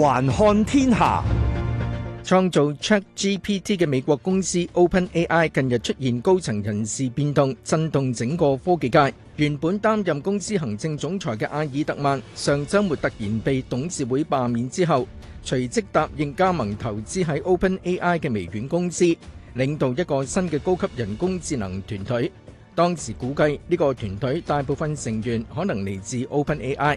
環看天下，創造 ChatGPT 嘅美國公司 OpenAI 近日出現高層人事變動，震動整個科技界。原本擔任公司行政總裁嘅阿爾特曼，上周末突然被董事會罷免之後，隨即答應加盟投資喺 OpenAI 嘅微軟公司，領導一個新嘅高級人工智能團隊。當時估計呢個團隊大部分成員可能嚟自 OpenAI。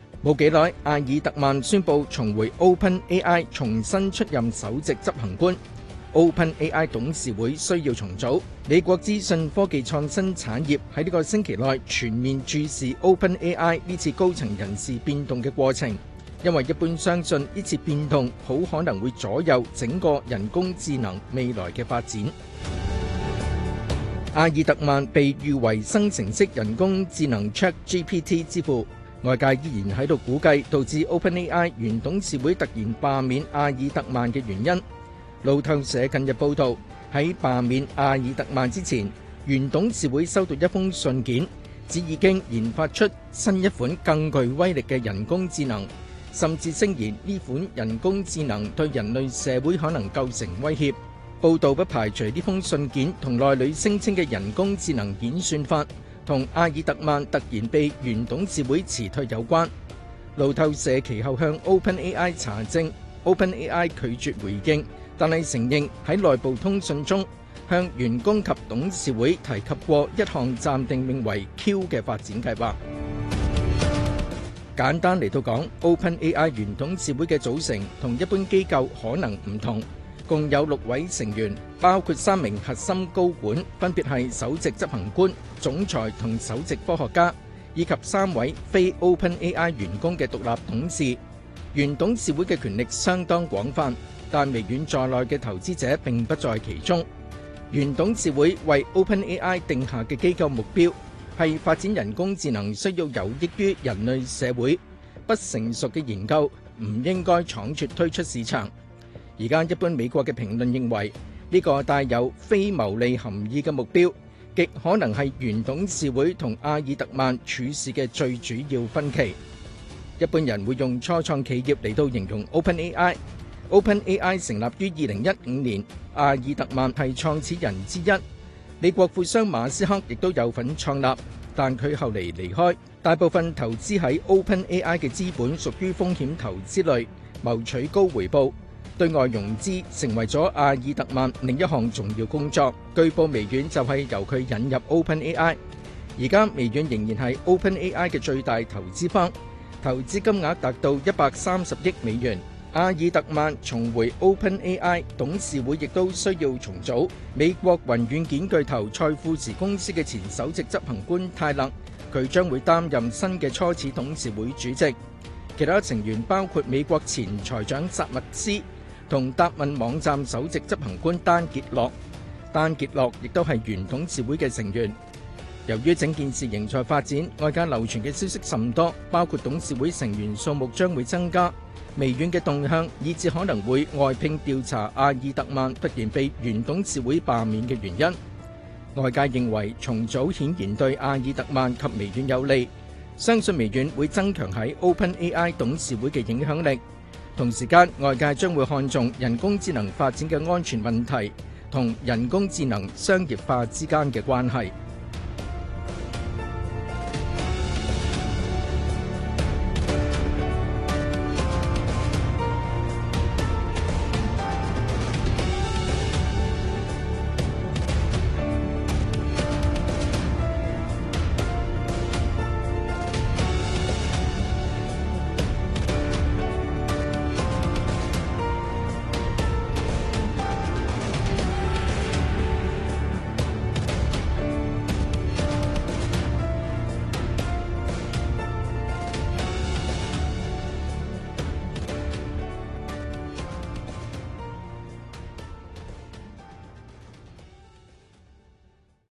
冇幾耐，阿爾特曼宣布重回 OpenAI，重新出任首席執行官。OpenAI 董事會需要重組。美國資訊科技創新產業喺呢個星期內全面注視 OpenAI 呢次高層人事變動嘅過程，因為一般相信呢次變動好可能會左右整個人工智能未來嘅發展。阿爾特曼被譽為生成式人工智能 ChatGPT 之父。外界依然喺度估計導致 OpenAI 原董事會突然罷免阿爾特曼嘅原因。路透社近日報道，喺罷免阿爾特曼之前，原董事會收到一封信件，指已經研發出新一款更具威力嘅人工智能，甚至聲言呢款人工智能對人類社會可能構成威脅。報道不排除呢封信件同內裏聲稱嘅人工智能演算法，同阿爾特曼突然被原董事會辭退有關，路透社其後向 OpenAI 查證，OpenAI 拒絕回應，但係承認喺內部通訊中向員工及董事會提及過一項暫定名為 Q 嘅發展計劃。簡單嚟到講，OpenAI 原董事會嘅組成同一般機構可能唔同。共有六位成員，包括三名核心高管，分別係首席執行官、總裁同首席科學家，以及三位非 OpenAI 員工嘅獨立董事。原董事會嘅權力相當廣泛，但微軟在內嘅投資者並不在其中。原董事會為 OpenAI 定下嘅機構目標係發展人工智能需要有益於人類社會，不成熟嘅研究，唔應該倉促推出市場。而家一般美國嘅評論認為，呢個帶有非牟利含義嘅目標，極可能係原董事會同阿爾特曼處事嘅最主要分歧。一般人會用初創企業嚟到形容 OpenAI。OpenAI 成立於二零一五年，阿爾特曼係創始人之一。美國富商馬斯克亦都有份創立，但佢後嚟離開。大部分投資喺 OpenAI 嘅資本屬於風險投資類，謀取高回報。對外融資成為咗阿爾特曼另一項重要工作。據報微軟就係由佢引入 OpenAI，而家微軟仍然係 OpenAI 嘅最大投資方，投資金額達到一百三十億美元。阿爾特曼重回 OpenAI，董事會亦都需要重組。美國雲軟件巨頭賽富時公司嘅前首席執行官泰勒，佢將會擔任新嘅初始董事會主席。其他成員包括美國前財長薩默斯。同答問網站首席執行官丹傑洛，丹傑洛亦都係原董事會嘅成員。由於整件事仍在發展，外界流傳嘅消息甚多，包括董事會成員數目將會增加、微軟嘅動向，以至可能會外聘調查阿爾特曼突然被原董事會罷免嘅原因。外界認為重組顯然對阿爾特曼及微軟有利，相信微軟會增強喺 OpenAI 董事會嘅影響力。同時間，外界將會看重人工智能發展嘅安全問題，同人工智能商業化之間嘅關係。